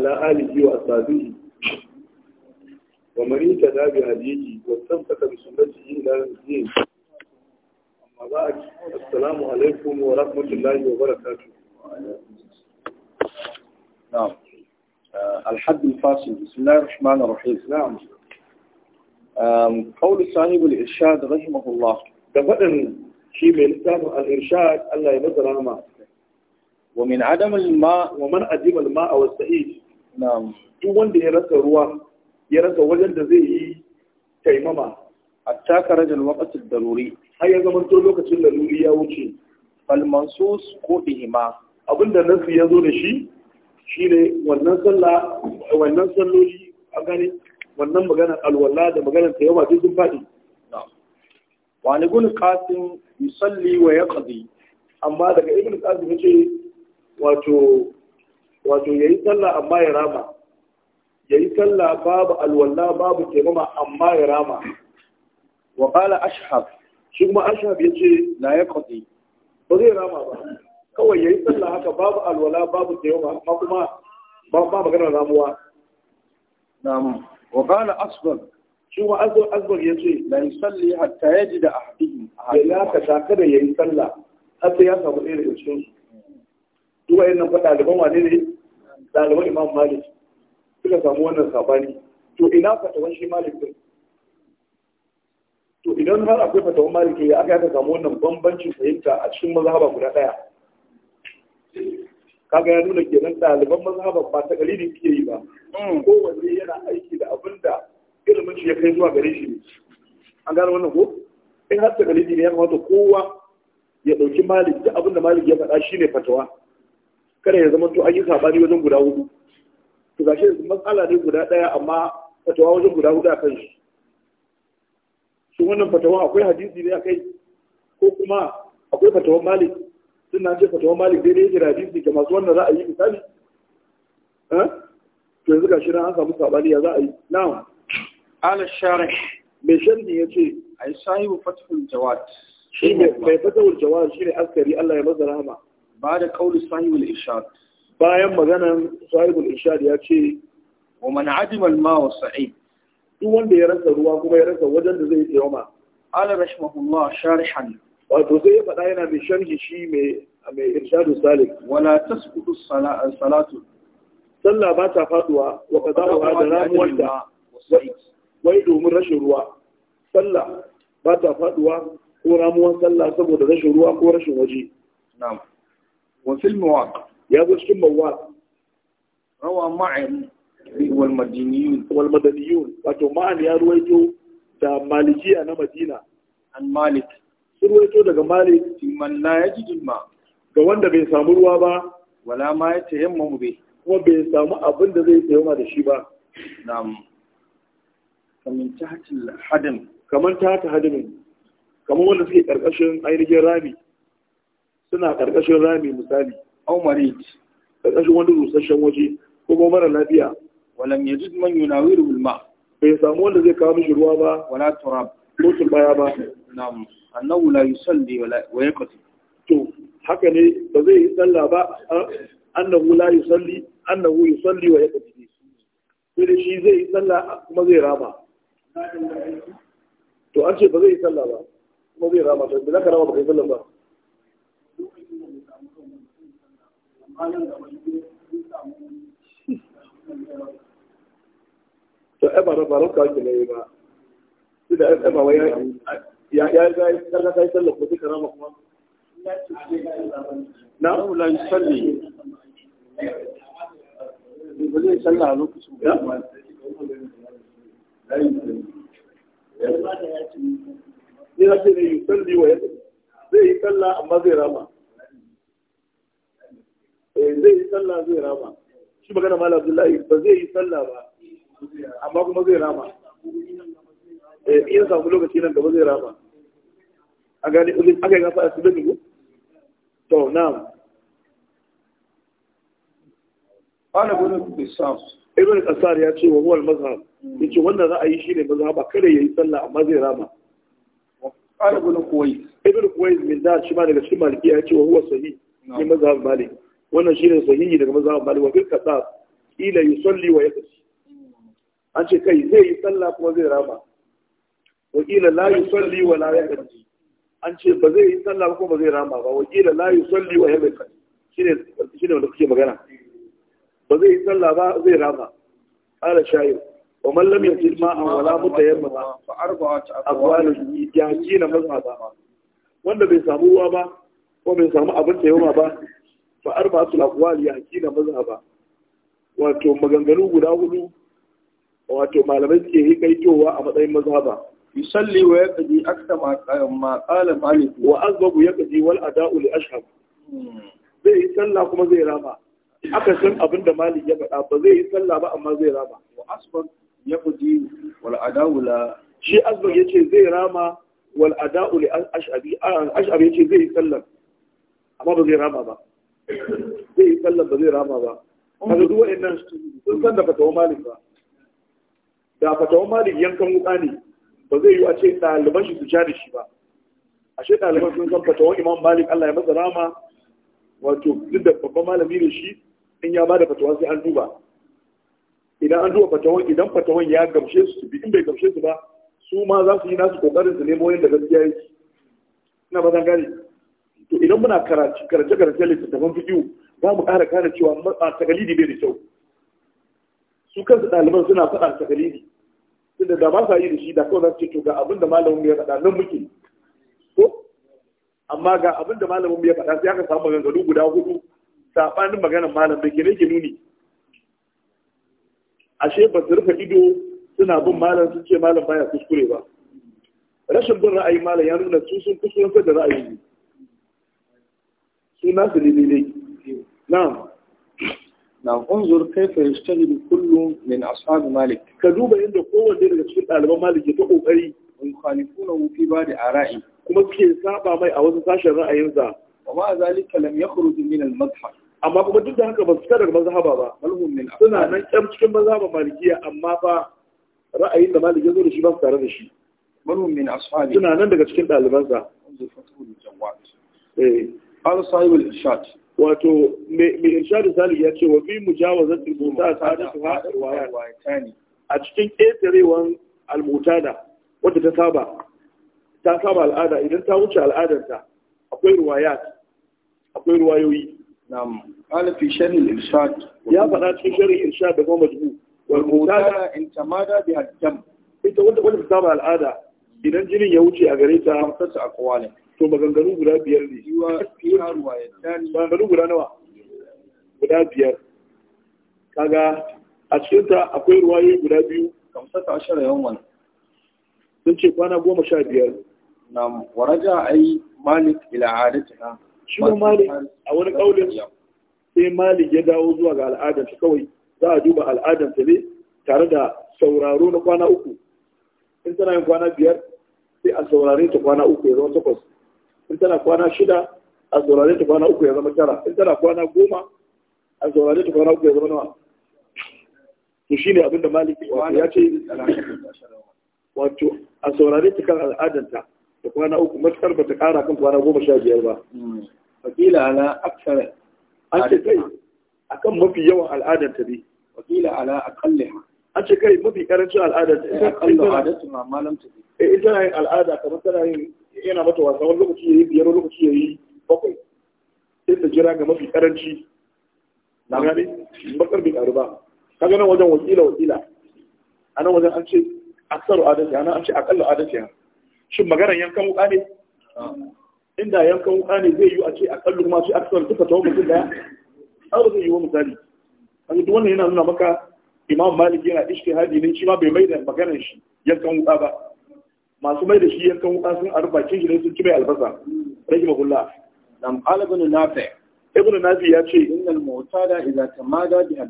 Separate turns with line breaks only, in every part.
وعلى آله وأصحابه ومن اهتدى بهديه واستمسك بسنته إلى يوم الدين أما بعد السلام عليكم ورحمة الله وبركاته نعم آه، الحد الفاصل بسم الله الرحمن الرحيم نعم قول صاحب الإرشاد رحمه الله كفأن شيء من الإرشاد الله يبدل ومن عدم الماء ومن أدم الماء والسعيد duk wanda ya rasa ruwa ya rasa wajen da zai yi taimama a taka rajin da daruri har ya zama to lokacin laruri ya wuce fal ko ihima abinda nasu ya zo da shi shine wannan sallah wannan salloli a gani wannan maganar alwala da maganar ta yawa sun faɗi wa ne gun qasim yusalli wa yaqdi amma daga ibn qasim yace wato wato yayi sallah amma ya rama yayi sallah babu alwala babu taimama amma ya rama wa kala ashhab shi kuma ashhab yace la yaqdi ba zai rama ba kawai yayi sallah haka babu alwala babu taimama amma kuma ba ba magana ramuwa na'am wa kala asbar shi kuma asghar asghar yace la yusalli hatta yajida ahadihim ahadihim ya ka da yayi sallah har sai ya samu ɗaya daga cikin su yin nan fa ɗaliban wane ne ɗaliban imam malik suka samu wannan sabani to ina fatawan shi malik ɗin to idan har akwai fatawan malik ya aka aka samu wannan bambancin fahimta a cikin mazhaba guda ɗaya kaga ya nuna kenan ɗaliban mazhaban ba ta gari ke yi ba hmm. kowanne yana aiki da abin da ilimin shi ya kai zuwa gare shi ne an gane wannan ko in har ta gari ne ya kamata kowa ya ɗauki malik duk abin da malik ya faɗa shi ne fatawa kada ya zama to an yi sabani wajen guda hudu to gashi matsala ne guda daya amma fatawa wajen guda hudu a kan shi shin wannan fatawa akwai hadisi ne akai ko kuma akwai fatawan malik sun na ce fatawan malik daidai yake da hadisi ga masu wannan za a yi misali eh? to yanzu gashi nan an samu sabani ya za a yi na'am ala sharh mai ce a ai sahibu fathul jawad shi ne mai fathul jawad shi ne askari Allah ya masa rahama ba da kauli sahibul irshad bayan maganan sahibul irshad ya ce wa man adima ma wa sa'id duk wanda ya rasa ruwa kuma ya rasa wajen da zai tsaye ma ala rahimahullah sharihan wato zai ya faɗa yana mai sharhi shi mai mai irshadu salik wala tasqutu salatu sallah ba ta faduwa wa qada'uha da ramuwar da wai domin rashin ruwa sallah ba ta faduwa ko ramuwan sallah saboda rashin ruwa ko rashin waje na'am wa fil ya zo cikin mawaq rawa ma'in wal madaniyun wato ma'an ya ruwaito da malikiya na madina an malik sun ruwaito daga malik man la yajidul ma ga wanda bai samu ruwa ba wala ma ya tayammamu bai kuma bai samu abin zai tayammama da shi ba na'am kamin ta hatin hadin kamar ta hata hadimin kamar wanda suke karkashin ainihin rami suna karkashin rami misali aw marid ƙarƙashin wani rusasshen waje ko mara lafiya walam yajid man yunawiru bil ma bai samu wanda zai kawo mishi ruwa ba wala turab ko turbaya ba nam annahu la yusalli wala wa yaqti to haka ne ba zai yi sallah ba annahu la yusalli annahu yusalli wa yaqti sai da shi zai yi sallah kuma zai rama to an ce ba zai yi sallah ba kuma zai rama to da zaka rama ba kai sallah ba to ai ba ba ka ne ba shi da ai ba ya ya ga kaga kai sallah ko kika rama kuma na la yusalli ba zai sallah a lokacin ya ce ne yusalli wa ya zai yi salla amma zai rama Eh, zai yi sallah zai rama shi magana mala abdullahi ba zai yi sallah ba amma kuma zai rama eh, in samu lokaci nan gaba zai rama a gani ulin aka yi gafa a su dubu to na'am ana gudun bisam ibn qasar ya ce wa huwa al-mazhab yace wannan ra'ayi shine ba kada yayi sallah amma zai rama ana gudun kuwait ibn kuwait min da shi ma daga cikin malikiya ya ce wa huwa sahih ne mazhab malik wannan shi ne sahihi daga mazhabin malik wa fil qasas ila yusalli wa yaqsi an ce kai zai yi sallah kuma zai rama wa ila la yusalli wa la yaqsi an ce ba zai yi sallah kuma ba zai rama ba wa ila la yusalli wa yaqsi shine shine wanda kuke magana ba zai yi sallah ba zai rama ala shayir wa man lam yajid ma'an wa la mutayammama fa arba'atu aqwalu na mazhaba wanda bai samu ruwa ba ko bai samu abin tayammama ba Ba fa arba'atul aqwal maza ba. wato maganganu guda hudu wato malamai suke yi kaitowa a matsayin mazhaba Misalli wa yaqdi akta ma qala malik wa azbabu kaji wal ada'u li ashab hmm. zai yi sallah kuma zai rama aka san abin da malik ya faɗa ba zai yi sallah ba amma zai rama wa asbab kaji wal ada'u la shi azbab ce zai rama wal ada'u li ash'abi ash'abi yace zai yi sallah amma ba zai rama ba zai yi sallan ba zai rama ba A kaga duk wa'annan sun san da fatawan malik ba da fatawan malik yankan wuka ne ba zai yi a ce ɗaliban shi su sha da shi ba ashe ɗaliban sun san fatawan imam malik allah ya masa rama wato duk da babban malami da shi in ya bada fatawan sai an duba idan an duba fatawan idan fatawan ya gamshe su bi in bai gamshe su ba su ma za su yi nasu kokarin su nemo yadda gaskiya yake ina ba zan gane to idan muna karatu karatu karatu littattafan fidiyo za mu ƙara kare cewa takalidi bai da kyau su kansu ɗaliban suna faɗa takalidi tunda da ba sa yi da shi da kawai za su ce to ga abin da malamin ya faɗa nan muke ko amma ga abin da malamin ya faɗa sai aka samu maganganu guda hudu saɓanin maganar malam da ke ne ke nuni ashe ba su rufe ido suna bin malam sun ce malam baya kuskure ba rashin bin ra'ayi malam ya nuna su sun kuskuren da ra'ayi shi na su daidai na'am na unzur kaifa yashtaghil kullu min ashab malik ka duba yadda kowanne daga cikin ɗaliban malik ya ta kokari in khalifuna fi ba'di ara'i kuma ke saba mai a wasu sashen ra'ayinsa wa ma zalika lam yakhruj min al-madhhab amma kuma duk da haka ba su fita daga mazhaba ba suna nan kyan cikin mazhaba malikiya amma fa ra'ayin da malik ya zo da shi ba tare da shi malhum min ashabi suna nan daga cikin ɗalibansa eh قال صاحب الإرشاد wato mai irshadu salik ya ce wa fi mujawazat al-muta sadatuha riwayatani a cikin ƙetarewan al-mutada wanda ta saba ta saba al'ada idan ta wuce al'adarta akwai riwayat akwai riwayoyi na'am qala fi irshad ya faɗa cikin sharh irshad da kuma majmu wal mutada in tamada bi al-jam ita wanda wata ta saba al'ada idan jinin ya wuce a gare ta ta aqwalin to maganganu guda biyar ne maganganu guda nawa guda biyar kaga a cikinta akwai ruwaye guda biyu kamsata ashara yawan sun ce kwana goma sha biyar na waraja yi malik ila adatiha shi ma malik a wani kaulin sai malik ya dawo zuwa ga al'adarsa kawai za a duba al'adarsa ne tare da sauraro na kwana uku in tana yin kwana biyar sai a saurare ta kwana uku ya zama takwas in tana kwana shida a saurare ta kwana uku ya zama tara in tana kwana goma a saurare ta kwana uku ya zama nawa to ne abinda maliki ya ce wato a saurare ta kan al'adanta ta kwana uku matukar ba ta kara kan kwana goma sha biyar ba wakila ala aksar an ce kai akan mafi yawan al'adanta ne wakila ala akalliha an ce kai mafi karancin al'adanta ne akallu adatun amma lam tafi eh ita yin al'ada kamar tana yin yana mata wasa wani lokaci ya yi biyar wani lokaci ya yi bakwai sai ta jira ga mafi karanci na gani bakar bai karu ba ka ganin wajen wakila wakila a nan wajen an ce aksaru adalci a nan an ce akalla adalci shin maganar yankan wuka ne inda yankan wuka ne zai yi a ce akallu ma ce aksaru duka tawo mutum daya an zai yi wa misali A duk wannan yana nuna maka imam malik yana ishtihadi ne shi ma bai mai da maganar shi yankan wuka ba masu mai da shi yankan wuka sun arba cin shi ne sun ci mai albasa rage mahulla nam alibin nafi ibn nafi ya ce innal mu'tada idza tamada bi Ya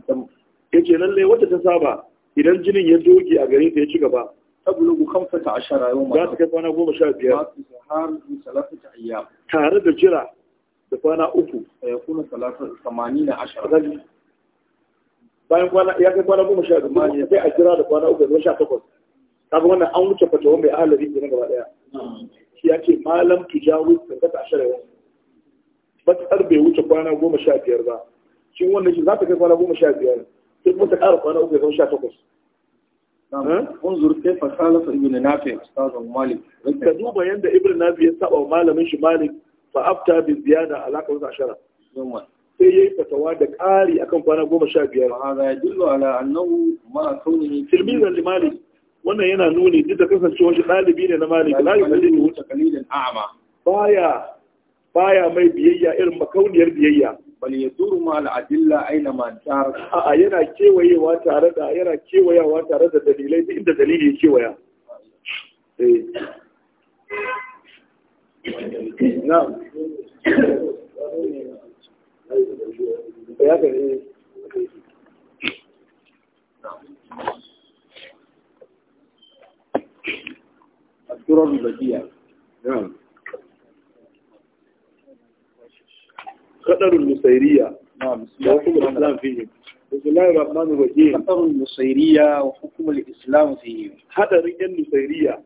yace lalle wata ta saba idan jinin ya doge a gare ta ya ci gaba tablugu 15 yawma za ta kai kwana goma har biyar tare da jira da kwana uku ya kuna salatata ashara bayan kwana ya kai kwana goma sha biyar sai a jira da kwana uku da sha takwas. kaga wannan an wuce fata fatawa mai ahalari ne gaba daya shi ya ce malam tujawi da kasa shari'a matsar bai wuce kwana goma sha biyar ba shi wannan shi za ta kai kwana goma sha biyar sai kuma ta ƙara kwana uku ya zama sha takwas انظر كيف خالف ابن نافع استاذ مالك ka duba yadda ibn nafi ya saba malamin shi malik fa afta bi ziyada ala qawli ashara sai yayi fatawa da ƙari akan kwana goma sha biyar hada yadullu ala annahu ma kaunihi tilmizan li malik wannan yana nuni duk da kasancewar shi ɗalibi ne na maliki la ne wuta qalilan a'ma baya baya mai biyayya irin makauniyar biyayya bal yaduru ma al adilla aina ma tar a'a yana kewayewa tare da yana kewayawa tare da dalilai duk inda dalili ya kewaya eh na'am ya ga eh الدرر البديع نعم قدر المسيرية نعم وحكم الإسلام فيهم بسم الله الرحمن الرحيم قدر المسيرية وحكم الإسلام فيهم هذا رئيان المسيرية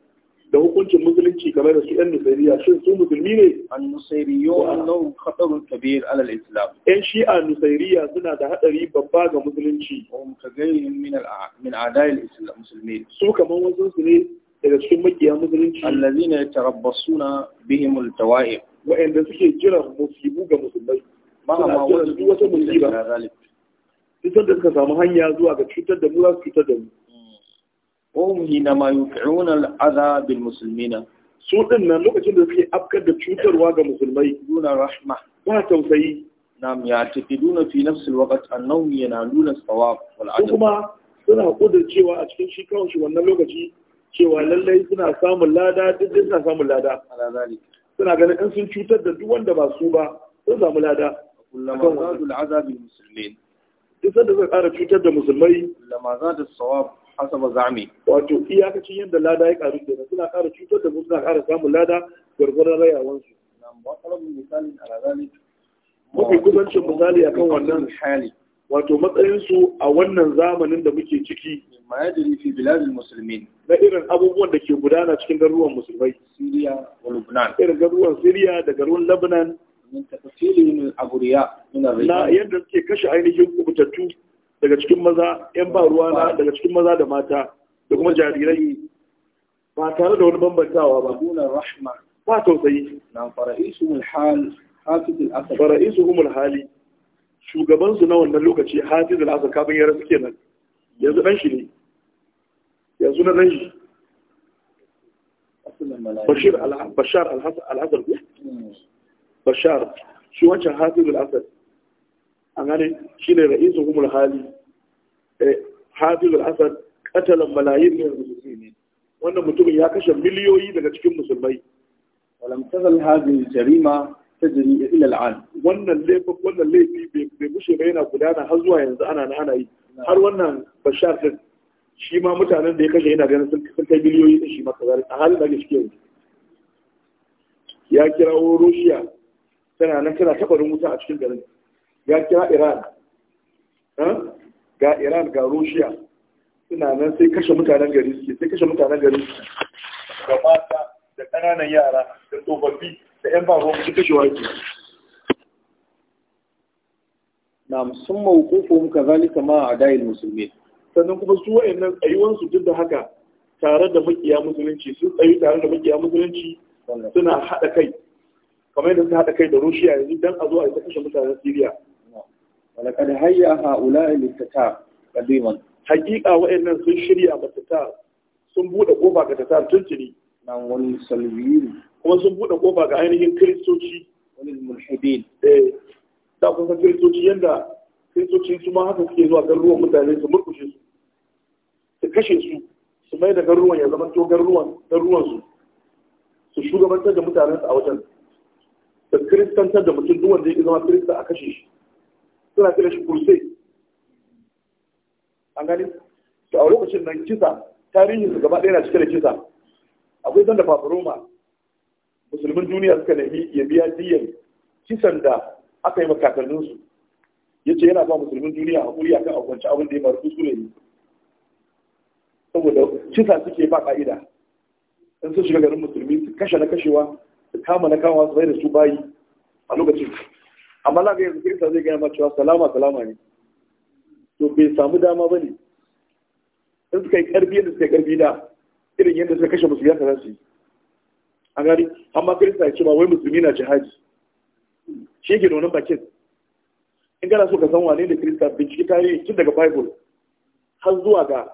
da hukuncin musulunci kamar da su 'yan nusairiya shin su musulmi ne? an nusairiyo an nau haɗarun kabir alal islam yan shi'a nusairiya suna da haɗari babba ga musulunci wa mutagayin min al'adayil islam musulmi su kamar wasu su ne daga cikin makiya musulunci ne allazina suna bihim altawa'ib wa'anda suke jira musibu ga musulmai ma'ama wasu duk wata musiba cutar da suka samu hanya zuwa ga cutar da mura cutar da mu hmm. wahum hina ma yuqi'una al'adha bil muslimina su din nan lokacin da suke afkar da cutarwa ga musulmai duna rahma ba tausayi nam ya tafi tafiduna fi nafsi alwaqt annahum yanaluna sawab wal adl kuma suna kudur cewa a cikin shi kawai shi wannan lokaci cewa lallai suna samun lada duk suna samun lada suna ganin in sun cutar da duk wanda ba su ba sun samu lada kullama da azabi muslimin duk sanda zai ƙara cutar da musulmai kullama iya sawab hasaba za'mi wato iyakacin yadda lada ya ƙaru kenan suna ƙara cutar da musulmai suna samun lada gwargwaron rayawan su mafi kusancin misali akan wannan hali wato matsayinsu a wannan zamanin da muke ciki ma ya fi biladin musulmi na irin abubuwan da ke gudana cikin garuruwan musulmai siriya da lubnan irin garuruwan siriya da garuruwan lebanon min tafsirin al na yadda suke kashe ainihin kubutattu daga cikin maza yan ba ruwana daga cikin maza da mata da kuma jarirai ba tare da wani bambantawa ba rahma ba tausayi na shugabansu na wannan lokaci hafi da asar kafin ya rasu kenan yanzu ɗan shi ne yanzu na ɗan shi bashar al'asar ku bashar shi wancan hafi da asar an gane shi ne ra'isu Umar hali eh, hafi da asar katalan malayin ne wannan mutumin ya kashe miliyoyi daga cikin musulmai walam tazal hadhihi jarima tajri ila al'an wannan laifi wannan laifi bai bushe ba yana gudana har zuwa yanzu ana na ana yi har wannan bashar din shi ma mutanen da ya kashe yana ganin sun kai miliyoyi da shi ma kaza a halin da ake ciki yanzu ya kirawo Russia tana nan tana tabarin wuta a cikin garin ya kira Iran ga Iran ga Russia suna nan sai kashe mutanen gari suke sai kashe mutanen gari da mata da ƙananan yara da tsofaffi da ‘yan ba ruwan duk kashewa yake na sun mawukufo muka zalika ma a dayin musulmi sannan kuma su wa'annan tsayuwansu duk da haka tare da makiya musulunci sun tsayu tare da makiya musulunci suna haɗa kai kamar yadda sun haɗa kai da rushiya yanzu don a zo a yi ta kashe mutanen siriya walakad hayya ha'ula'i littatar qadiman haƙiƙa wa'annan sun shirya ba sun buɗe ƙofa ga tatar tuntuni nan wani salwiri kuma sun buɗe kofa ga ainihin kiristoci wani mulhidin eh da kun san kiristoci yanda kiristoci su ma haka suke zuwa garuruwan mutane su murkushe su su kashe su su mai da garuruwan ya zama to garuruwan garuruwan su su shugabantar da mutanen su a wajen da kiristantar da mutum duk wanda ya zama kirista a kashe shi suna kira shi kursai an gani to a lokacin nan kisa tarihin su gaba ɗaya na cike da kisa akwai sanda Roma, musulmin duniya suka nemi ya biya diyan kisan da aka yi makakanninsu ya ce yana ba musulmin duniya haƙuri a kan akwanci abin da ya faru kuskure ne saboda kisa suke ba ƙa'ida in sun shiga garin musulmi su kashe na kashewa su kama na kama su bai da su bayi a lokacin amma za ka yanzu kirista zai gaya ma cewa salama salama ne to bai samu dama ba ne in suka yi ƙarfi yadda suka yi ƙarfi da irin yadda suka kashe musulmi haka za su yi a gari amma kirista ya ce ba wai musulmi na jihadi shi yake da wannan bakin in gana so ka san wane da kirista binciki tarihi tun daga bible har zuwa ga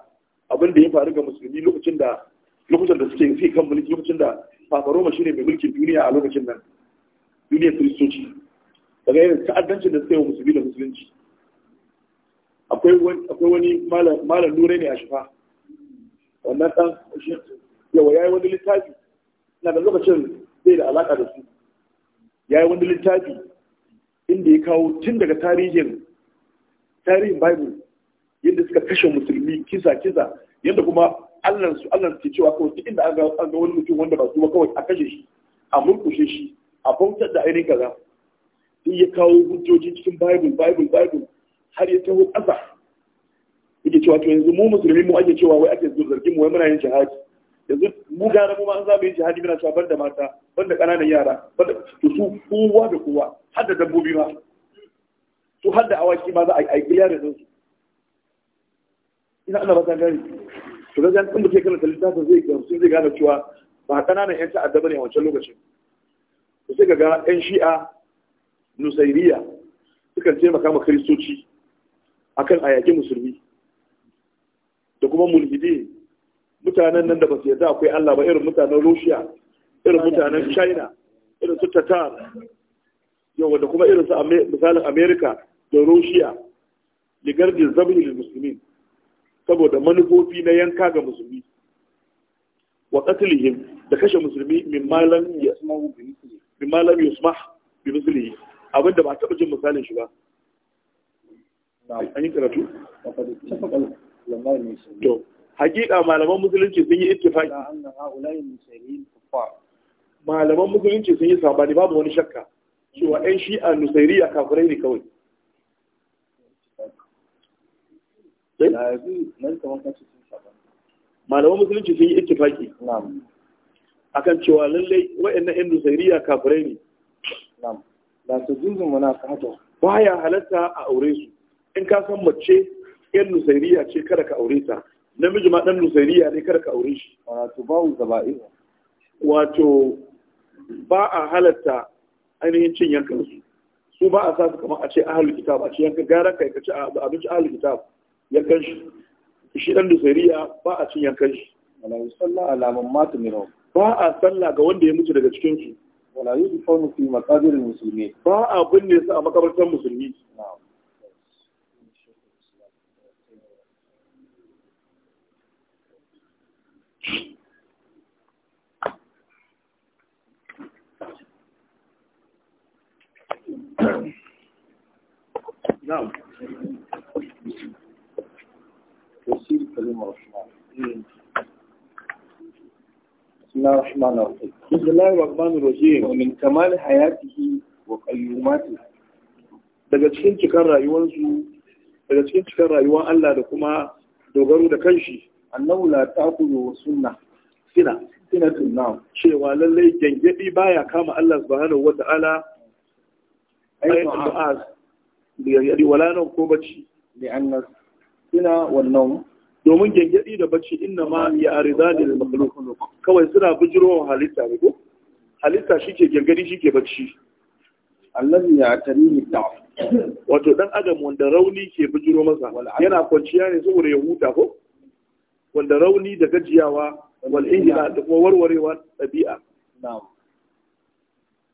abin da ya faru ga musulmi lokacin da lokacin da suke fi kan mulki lokacin da papa roma shine mai mulkin duniya a lokacin nan duniyar kiristoci daga yin ta'addancin da suka yi wa musulmi da musulunci akwai wani malam nure ne a shafa wannan ɗan yawa ya yi wani littafi na da lokacin zai da alaƙa da su ya yi wani littafi inda ya kawo tun daga tarihin tarihin bible yadda suka kashe musulmi kisa kisa yadda kuma allansu su ke cewa kawai duk inda an ga wani mutum wanda ba su kawai a kashe shi a murkushe shi a bautar da ainihin kaza sai ya kawo hujjoji cikin bible bible bible har ya taho ƙasa suke cewa to yanzu mu musulmi mu ake cewa wai ake zargin mu wai muna yin jihadi yanzu mu gara mu ma an zaɓe jihadi muna cewa banda mata banda ƙananan yara banda to su kowa da kowa har da dabbobi ma su har da awaki ma za a yi kiliya da zansu ina ana ba ta gani. to gaskiya in mutum kana karanta littafin zai sun zai gane cewa ba ƙananan yan ta'adda bane a wancan lokacin to sai ga yan shi'a nusairiya sukan taimaka ma kiristoci akan a yaƙi musulmi da kuma mulhidi mutanen nan da ba su yadda akwai Allah ba irin mutanen Russia irin mutanen China irin su Tatar yau da kuma irin su misalin America da Russia ligardin zabi lil musulmi saboda manufofi na yanka ga musulmi wa qatlihim da kashe musulmi min malam yasmahu bi malam yusmah bi musulmi abinda ba taɓa jin misalin shi ba an yi karatu to hakika malaman musulunci sun yi ittifaqi malaman musulunci sun yi sabani babu wani shakka cewa ɗan shi'a nusairiya kafirai ne kawai eh? malaman musulunci sun yi ittifaki akan cewa lallai wa'annan yan nusairiya kafirai ne ba su zuzun wani baya halatta a aure su in ka san mace yan nusairiya ce kada ka aure ta namiji ma dan nusairiya ne kada ka aure shi wato ba bawu zaba'i wato ba a halatta ainihin cin yankan su su ba a sa su kamar a ce ahlul kitab a ce yankan gara kai ka ci abinci ahlul kitab yankan shi shi dan nusairiya ba a cin yankan shi wala yusalla ala man mata minhum ba a sallah ga wanda ya mutu daga cikin su wala yudfanu fi maqabir muslimin ba a binne su a makabartar musulmi na'am نعم توصيل كلمة الرحمن بسم الله الرحمن الرحيم بسم الله الرحمن الرحيم ومن كمال حياته وقيوماته daga cikin cikar rayuwarsu daga cikin cikin rayuwar Allah da kuma dogaro da kanshi annahu la taqulu sunna sina sina tunna cewa lalle gengedi baya kama Allah subhanahu wa ta'ala wala nan ko bacci wannan domin gyangyaɗi da bacci inna ma ya arida da makhluk kawai suna wa halitta ne ko halitta gyangyaɗi shi ke bacci Allah ya tarihi ta wato dan adam wanda rauni ke bujiro masa yana kwanciya ne saboda ya huta ko wanda rauni da gajiyawa wal injila da kuma warwarewa ɗabi'a na'am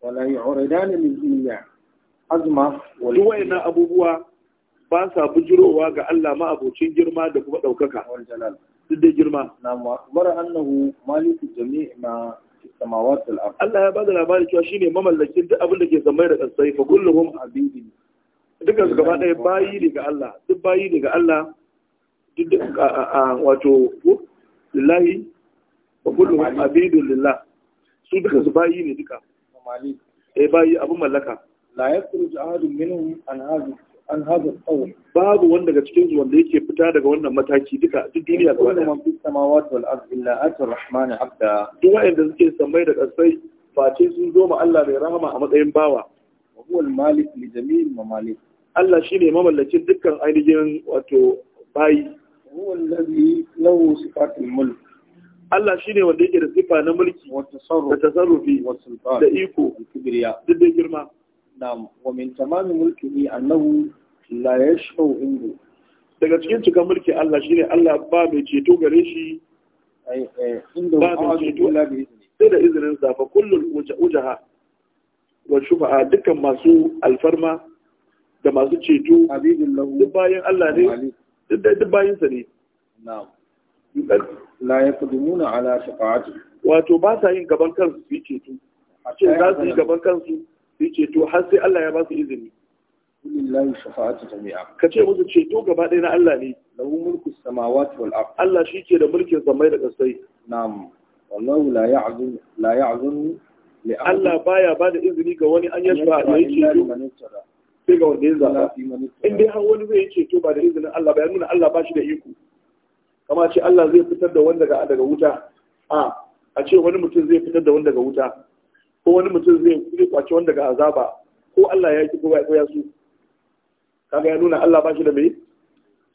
wala yu'ridani min dunya azma duk wayannan abubuwa ba sa bujirowa ga Allah ma abocin girma da kuma daukaka duk da girma na mara annahu maliku jami'i ma samawati al Allah ya bada labari cewa shine mamallakin duk abin da ke zamai da kasai fa kulluhum abidi duka su gaba ɗaya bayi ne ga Allah duk bayi ne ga Allah duk wato lillahi fa kulluhum abidun lillah su duka su bayi ne duka eh bayi abin mallaka la yakhruj ahadun minhum an hadhihi an haza tsawon babu wanda daga cikin wanda yake fita daga wannan mataki duka duk duniya gaba ɗaya kuma fi samawati wal ardi illa atar rahmani abda duk wanda suke sammai da ba face sun zo ma Allah mai rahama a matsayin bawa wa huwa al malik li jami'il mamalik Allah shine mamallakin dukkan ainihin wato bayi huwa allazi lahu sifatul mulk Allah shine wanda yake da sifa na mulki da tasarrufi da iko da kibriya duk da girma na'am wa min tamami mulkihi annahu la daga cikin cikin mulki Allah shine Allah ba mai ceto gare shi eh, ba mai ceto sai da izinin sa fa kullul wujaha wa shufa'a dukkan masu alfarma da masu ceto duk bayan Allah ne duk bayan sa ne la yaqdimuna ala shafa'ati wato ba sa yin gaban kansu su yi ceto a ce za su yi gaban kansu sai ceto har sai Allah ya ba su izini lillahi shafa'atu jami'a kace musu ceto gaba ɗaya na Allah ne lahu mulku samawati wal ard Allah shi ke da mulkin samai da ƙasai na'am wallahu la ya'zun la ya'zun li Allah baya ba da izini ga wani an yashfa ya yi ceto sai ga wanda ya zaba in dai har wani zai yi ceto ba da izinin Allah ba ya nuna Allah ba shi da iko kama ce Allah zai fitar da wanda daga wuta a a ce wani mutum zai fitar da wanda daga wuta ko wani mutum zai zai kwaci wanda ga azaba ko Allah ya ki ko ya su kaga ya nuna Allah ba shi da mai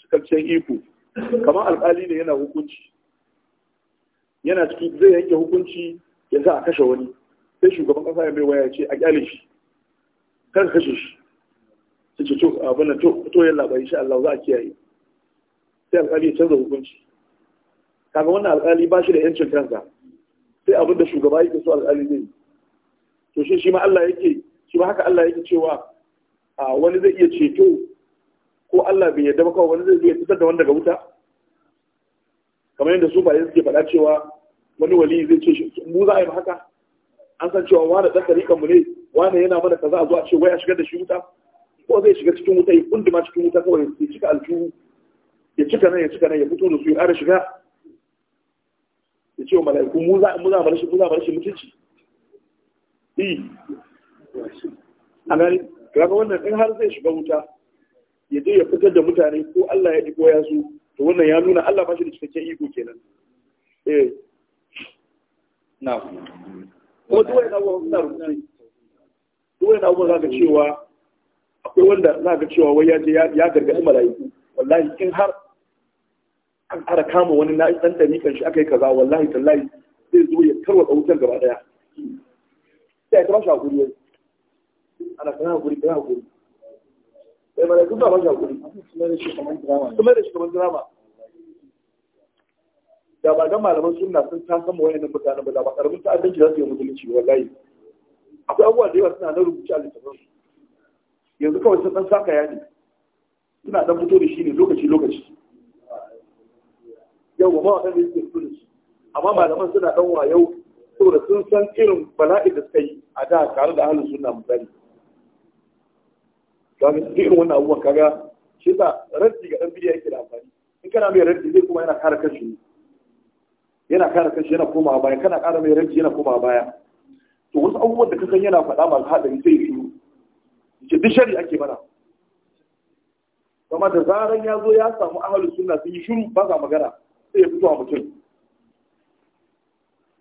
cikakken iko kamar alƙali ne yana hukunci yana ciki zai yanke hukunci ya za a kashe wani sai shugaban kasa ya mai waya ce a kyale shi kar kashe shi su ce to abin nan to ya labari shi Allah za a kiyaye sai alƙali ya canza hukunci kaga wannan alƙali ba shi da yancin kansa sai abin da shugaba yake so alƙali zai yi to shi ma Allah yake shi ma haka Allah yake cewa a wani zai iya ceto ko Allah bai yadda ba wani zai iya fitar da wanda daga wuta kamar yadda su ba suke faɗa cewa wani wali zai ce mu za a yi haka an san cewa wani ɗan tarikan mu ne wani yana mana kaza a zo a ce wai a shigar da shi wuta ko zai shiga cikin wuta ya kunduma cikin wuta kawai ya cika aljuhu ya cika nan ya cika nan ya fito da su ya ƙara shiga ya ce wa mala'iku mu za mu za mu mutunci Eh. a gani kaga wannan in har zai shiga wuta ya je ya fitar da mutane ko Allah ya ji ko ya su to wannan ya nuna Allah ba shi da cikakken iko kenan eh na ko duwai na wani na rubuce duwai na wani zaka cewa akwai wanda zaka cewa wai ya je ya gargaɗi mala'iku wallahi in har an ara kama wani na dan damikan shi aka yi kaza wallahi tallahi zai zo ya tarwatsa wutar gaba ɗaya. sai ya tashi hakuri yayi ana kana a kana hakuri a mana kuma ba shi hakuri kuma da shi kaman drama kuma da shi kaman da ba ga malaman sunna sun ta san mu wayannan mutanen ba da ba karamin ta'addanci za su yi musulunci wallahi akwai abubuwa da yawa suna na rubuce a littafin yanzu kawai sun dan saka ya ne suna dan fito da shi ne lokaci lokaci yau ba ma wadannan da suke fito da shi amma malaman suna dan wayau saboda sun san irin bala'i da suka yi a da tare da ahalin sunna misali kaga irin wannan abubuwan kaga shi yasa raddi ga dan bidiya yake da amfani in kana mai raddi zai kuma yana kare kashi ne yana kare kashi, yana komawa baya kana kara mai raddi yana komawa baya to wasu abubuwan da ka san yana faɗa masu haɗari sai su ce duk shari ake mana kuma da zaran ya zo ya samu ahalin sunna sun yi shiru ba za magana sai ya fito a mutum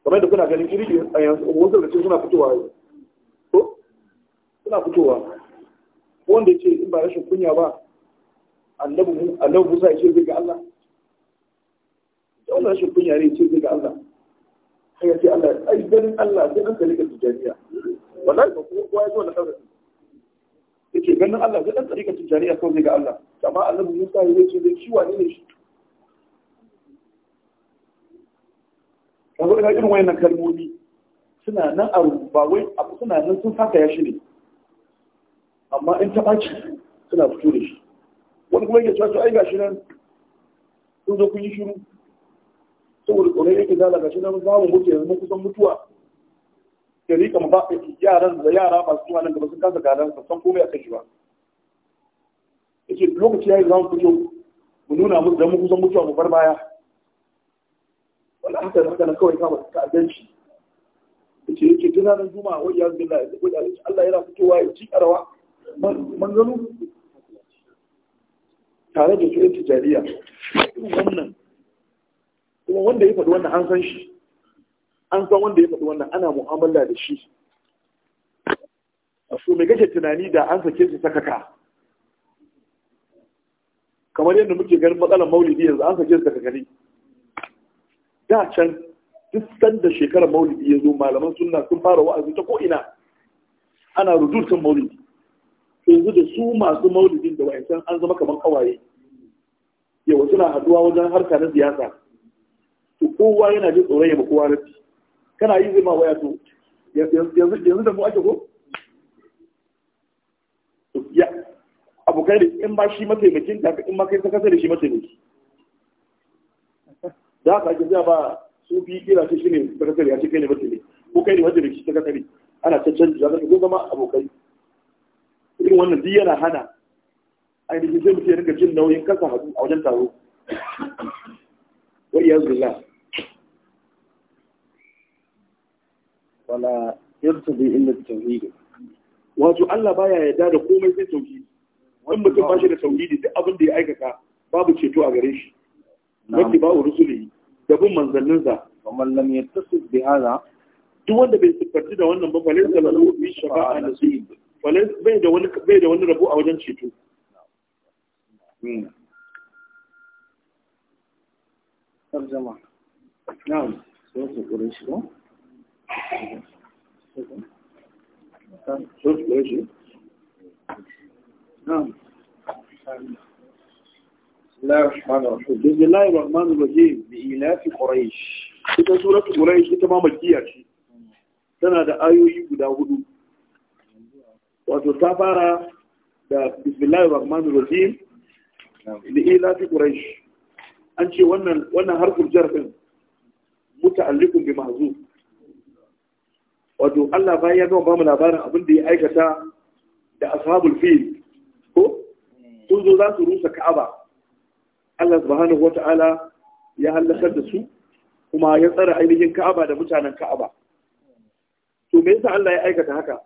kamar da kuna ganin iri a yanzu wasu daga suna fitowa yau to suna fitowa wanda ce in ba rashin kunya ba annabi musa ya ce zai ga allah da wanda rashin kunya ne ce zai ga allah har ya ce allah ai ganin allah sai an kalli ga tijjaniya wallahi ba kuma kowa ya zo wani kawai ya ce ganin allah sai an kalli ga tijjaniya kawai zai ga allah amma annabi musa ya ce zai ciwa ne shi yanzu ina irin wayannan kalmomi suna nan a ba wai abu suna nan sun saka ya shi ne amma in ta ɓaci suna fito da shi wani kuma yake cewa ai gashi nan sun zo kun yi shiru saboda tsoron yake zala gashi nan za mu mutu yanzu kusan mutuwa da rika mu ba yaran da yara masu zuwa nan gaba sun kasa gadan ba san komai a kai shi ba yake lokaci ya yi za mu fito mu nuna mu da mu kusan mutuwa mu bar baya wala haka haka nan kawai kama ka gan shi yace yake duk ranar juma'a wai ya da zubi Allah yana fitowa ya ci karawa manzanu tare da su yan tijariya wannan kuma wanda ya faɗi wannan an san shi an san wanda ya faɗi wannan ana mu'amala da shi su mai kake tunani da an sake su sakaka kamar yadda muke ganin matsalar maulidi yanzu an sake su daga gari da can duk sanda shekarar maulidi ya zo malaman suna sun fara wa'azi ta ko'ina ana rudurtan maulidi yanzu da su masu maulidin da wa'ancan an zama kamar kawaye yawa suna haduwa wajen harka na siyasa to kowa yana jin tsoron yaba kowa rafi kana yi zai ma waya to yanzu da mu ake ko abokai da in ba shi mataimakin in ma kai sakasa da shi mataimaki da haka ake ba su bi kira shi shine sakatare a cikin kai ne mutum ko kai ne wanda rikici sakatare ana ta canji za ko zama abokai irin wannan duk yana hana ainihin zai mutum ya rika jin nauyin kasa hadu a wajen taro wa iyaz billah wala yartabi illa tauhid wato Allah baya yarda da komai sai tauhid wani mutum ba shi da tauhidi duk abin da ya aikata babu ceto a gare shi wadda ba wa rusuli da bin manzanninsa kamar lam yattasu bi hada duk wanda bai siffanci da wannan ba falai da lahu bi shafa'a nasib falin bai da wani bai da wani rabo a wajen ceto tarjama na'am sai ku kure shi ko Thank you. نعم بسم الله الرحمن الرحيم بإلاف قريش da ayoyi guda wato ta fara da wato Allah ba ya bamu labarin abin da ya aikata da ashabul fil ko sun zo za su rusa ka'aba Allah subhanahu wata'ala ya halakar da su kuma ya tsara ainihin Ka'aba da mutanen Ka'aba to me yasa Allah ya aikata haka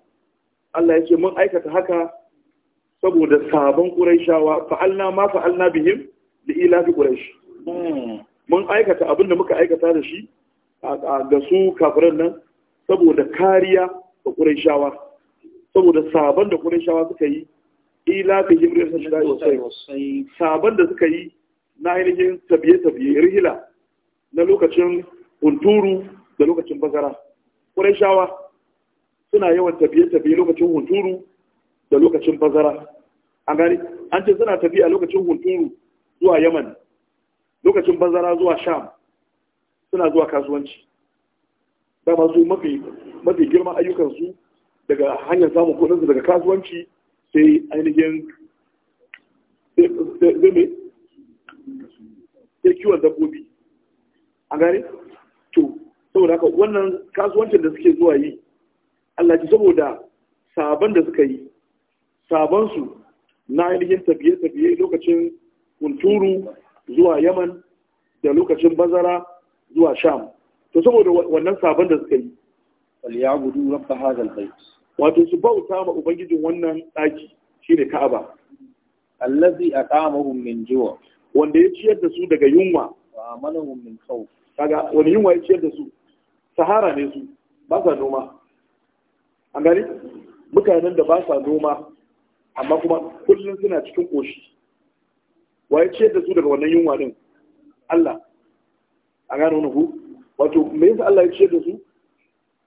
Allah ya ce mun aikata haka saboda sabon Qurayshawa fa'alna ma fa'alna bihim li ilafi Quraysh mun aikata abin da muka aikata da shi ga su kafiran nan saboda kariya ga Qurayshawa saboda sabon da Qurayshawa suka yi ila fi jibril sallallahu alaihi wasallam. sabon da suka yi na ainihin tafiye-tafiye rihila na lokacin hunturu da lokacin bazara shawa suna yawan tafiye-tafiye lokacin hunturu da lokacin bazara an gani an ce suna a lokacin hunturu zuwa yaman lokacin bazara zuwa sham suna zuwa kasuwanci dama su mafi girman ayyukansu daga hanyar samun kudinsu daga kasuwanci sai ainihin sai kiwon dabbobi a gane to saboda haka wannan kasuwancin da suke zuwa yi Allah ji saboda sabon da suka yi sabon su na ainihin tafiye-tafiye lokacin kunturu zuwa yaman da lokacin bazara zuwa sham to saboda wannan sabon da suka yi ya gudu rabba hadal bait wato su bauta ma ubangijin wannan daki shine ka'aba allazi aqamahum min ju'a wanda ya ciyar da su daga yunwa kaga wani yunwa ya ciyar da su sahara ne su ba sa noma an gani mutanen da ba sa noma amma kuma kullum suna cikin koshi wa ya ciyar da su daga wannan yunwa din Allah a gano nuhu wato me yasa Allah ya ciyar da su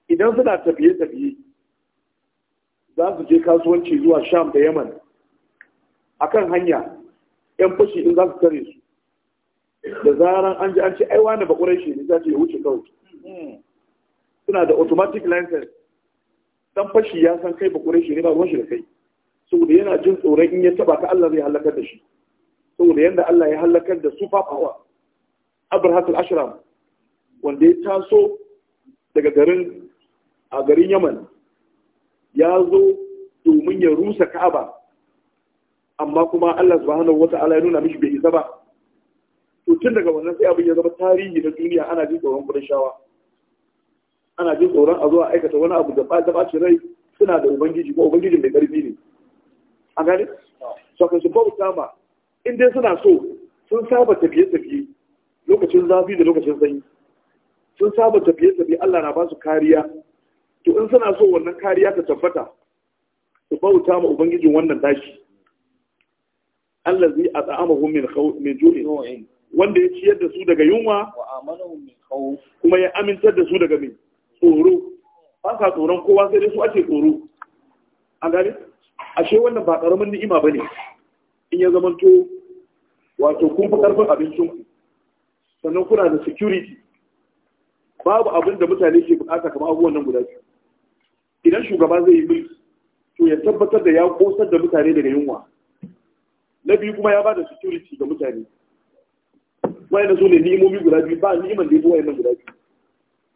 idan suna tafiye tafiye za su je kasuwanci zuwa Sham da Yaman akan hanya yan fashi in za su tare su da zaran an ji an ce ai wani shi ne za ce ya wuce kawai suna da automatic license dan fashi ya san kai bakwai shi ne ba ruwan shi da kai saboda yana jin tsoron in ya taba ka Allah zai halakar da shi saboda yanda Allah ya halakar da su fafawa Abrahat al-Ashram wanda ya taso daga garin a garin Yaman ya zo domin ya rusa Ka'aba amma kuma Allah subhanahu wata'ala ya nuna mishi bai isa ba to tun daga wannan sai abin ya zama tarihi na duniya ana jin tsoron kudin shawa ana jin tsoron a zuwa aikata wani abu da ba ɓaci rai suna da ubangiji ko ubangiji mai ƙarfi ne a gani saka su bauta ma in dai suna so sun saba tafiye-tafiye lokacin zafi da lokacin sanyi sun saba tafiye-tafiye Allah na ba su kariya to in suna so wannan kariya ta tabbata su bauta ma ubangijin wannan tashi allazi at'amahum min khawf min ju'in wanda ya ciyar da su daga yunwa wa amanahum min khawf kuma ya amintar da su daga mai tsoro ba sa tsoron kowa sai dai su ake tsoro a gani ashe wannan ba karamin ni'ima bane in ya to wato kun fi karfin abincin ku sannan kuna da security babu abin da mutane ke bukata kamar abubuwan nan guda biyu idan shugaba zai yi mulki to ya tabbatar da ya kosar da mutane daga yunwa na biyu kuma ya bada security ga mutane wayannan su ne ni'imomi guda biyu ba ni'iman da yabo wayannan guda biyu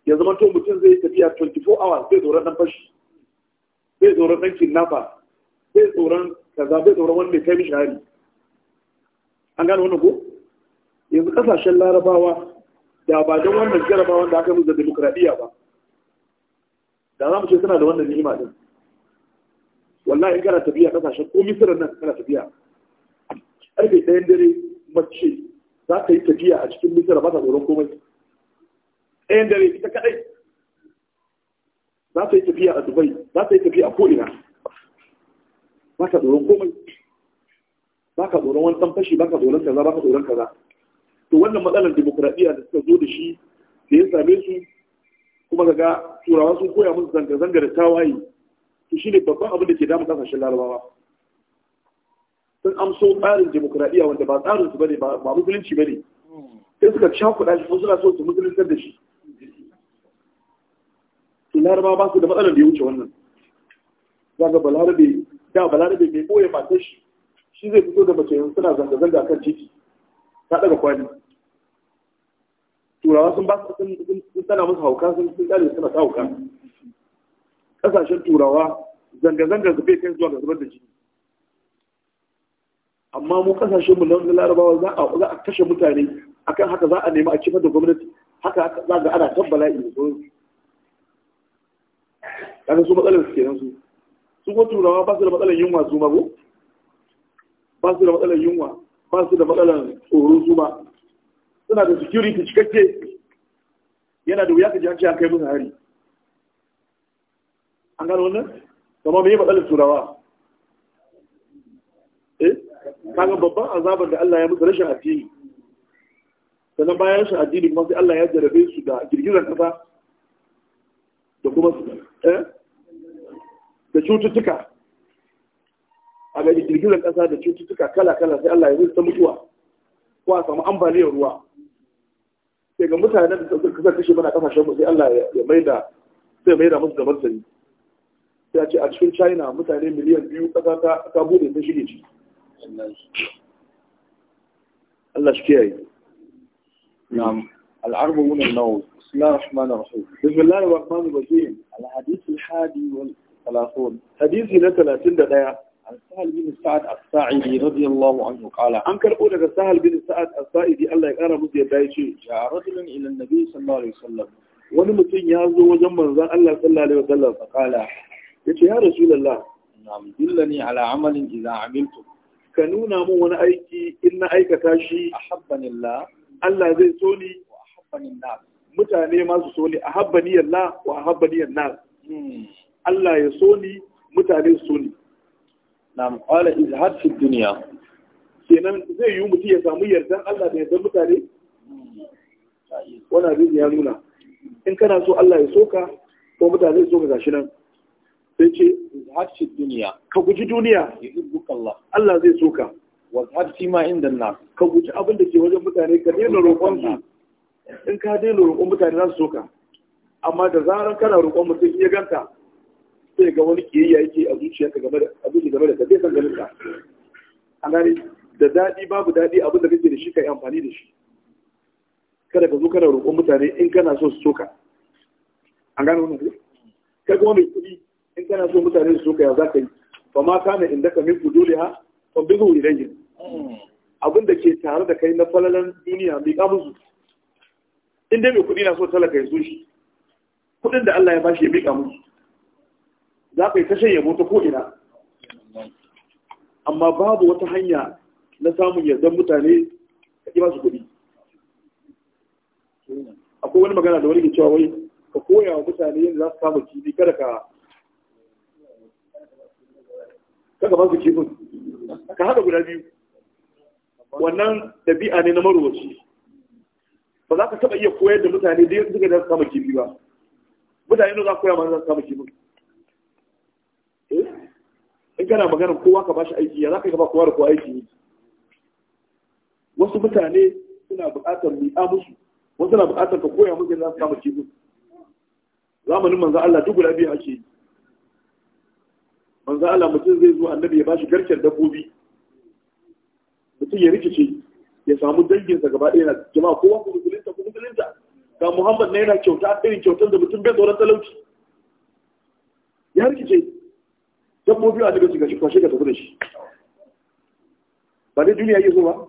ya zama to mutum zai tafiya 24 hours zai tsoron dan fashi zai tsoron dan kidnapper zai tsoron kaza zai tsoron wanda ya kai mishi hari an gane wannan ko yanzu kasashen larabawa da ba don wannan jarabawan da aka yi da demokradiyya ba da za mu ce suna da wannan ni'ima din wallahi in kana tafiya kasashen ko misirin nan kana tafiya ƙarfe ɗayan dare mace za ta yi tafiya a cikin misira ba ta tsoron komai ɗayan dare ita kaɗai za ta yi tafiya a dubai za ta yi tafiya a ko'ina ba ka tsoron komai ba ka tsoron wani fashi ba ka tsoron kaza ba ka tsoron kaza to wannan matsalar demokuraɗiyya da suka zo da shi da ya same su kuma ga turawa sun koya musu zanga-zanga da tawaye to shi ne babban abin da ke damun kasashen larabawa sun amso tsarin demokuraɗiyya wanda ba tsarin su bane ba musulunci bane sai suka kuɗa shi ko suna so su musuluntar da shi laraba ba su da matsalar da ya wuce wannan ga balarabe da balarabe mai ɓoye matar shi shi zai fito da mace suna zanga-zanga kan titi ta daga kwani turawa sun ba sun tana musu hauka sun sun kare suna ta hauka ƙasashen turawa zanga-zanga su bai kai zuwa ga zubar da jini amma mu kasashen mu na larabawa za a kashe mutane akan haka za a nemi a kifar da gwamnati haka za ga ana tabbala bala'i da sauransu kaga su matsalar suke nan su su ko turawa ba su da matsalar yunwa su ba ko ba su da matsalar yunwa ba su da matsalar tsoro su ba suna da security cikakke yana da wuya ka ji an ce an kai musu hari an gano wannan kamar mai matsalar turawa eh kaga babban azabar da Allah ya musu rashin addini sannan bayan rashin addini kuma sai Allah ya jarabe su da girgizar kasa da kuma su eh, da cututtuka a ga girgizar kasa da cututtuka kala-kala sai Allah ya musu ta mutuwa ko a samu ambaliyar ruwa sai ga mutanen da suka kashe mana kasashen mu sai Allah ya maida sai maida musu da sani. sai a ce a cikin China mutane miliyan biyu kasa ta bude ta shige ciki Allah shi kiyaye na'am العرب هنا النوم بسم الله الرحمن الرحيم بسم الله الرحمن الرحيم الحديث الحادي والثلاثون حديث إلى ثلاثين دقيقة عن سهل بن سعد الساعدي رضي الله عنه قال عن كرؤولة سهل بن سعد الساعدي الله يقرأ مزي بايشي جاء رجل إلى النبي صلى الله عليه وسلم ونمتين يازو وجمع ذا الله صلى الله عليه وسلم فقال يا رسول الله نعم دلني على عمل إذا عملته ka nuna mun wani aiki in na aikata shi ahabbanillah Allah zai so ni wa ahabbanin mutane ma su so ni ahabbani Allah wa ahabbani nas hmm. Allah ya so ni mutane su so ni na'am qala izhad fi dunya kenan zai yi mutum ya samu yardan Allah da yardan mutane hmm. wannan abin ya nuna in kana so Allah ya so ka, ko mutane so ka gashi nan sai ce zahadci duniya ka guji duniya ya ibuka Allah Allah zai so ka wa zahadci ma inda na ka guji abin da ke wajen mutane ka daina roƙon su in ka daina roƙon mutane za su so ka amma da zaran kana roƙon mutum iya ganta sai ga wani kiyayya yake a zuciyarka game da a zuciya game da ka zai san ganin ka an da daɗi babu daɗi abin da kake da shi ka yi amfani da shi kada ka zo kana roƙon mutane in kana so su so ka an gane wannan kai ka mai kuɗi in kana so mutane su suka ya za ka yi fa ma kana inda ka min kuduliha fa bizu ilayhim abin da ke tare da kai na falalan duniya mai ka musu in dai mai kudi na so talaka ya so shi kudin da Allah ya bashi ya mika musu za ka yi ta shanye ta ko ina amma babu wata hanya na samun yardan mutane ka ƙi masu kudi akwai wani magana da wani ke cewa wai ka koya wa mutane yadda za su kama kifi kada ka kaga ba su kifin ka haɗa guda biyu wannan ɗabi'a ne na marwaci ba za ka taɓa iya koyar da mutane da suka da kama kifi ba mutane za ka koya ma za su kama Eh, in kana magana kowa ka bashi aiki ya za ka gaba kowa da kowa aiki ne wasu mutane suna buƙatar a musu wasu na buƙatar ka koya musu za su kama kifi zamanin manzan Allah duk guda biyu ake yi manzo Allah mutum zai zo annabi ya bashi garken dabbobi mutum ya rikice ya samu danginsa gaba ɗaya na jama'a kowa ku musulunta ku musulunta ga Muhammad na yana kyauta irin kyautar da mutum bai tsoron talauci ya rikice dabbobi a daga shiga shiga shiga tafi da shi ba dai duniya yi zuwa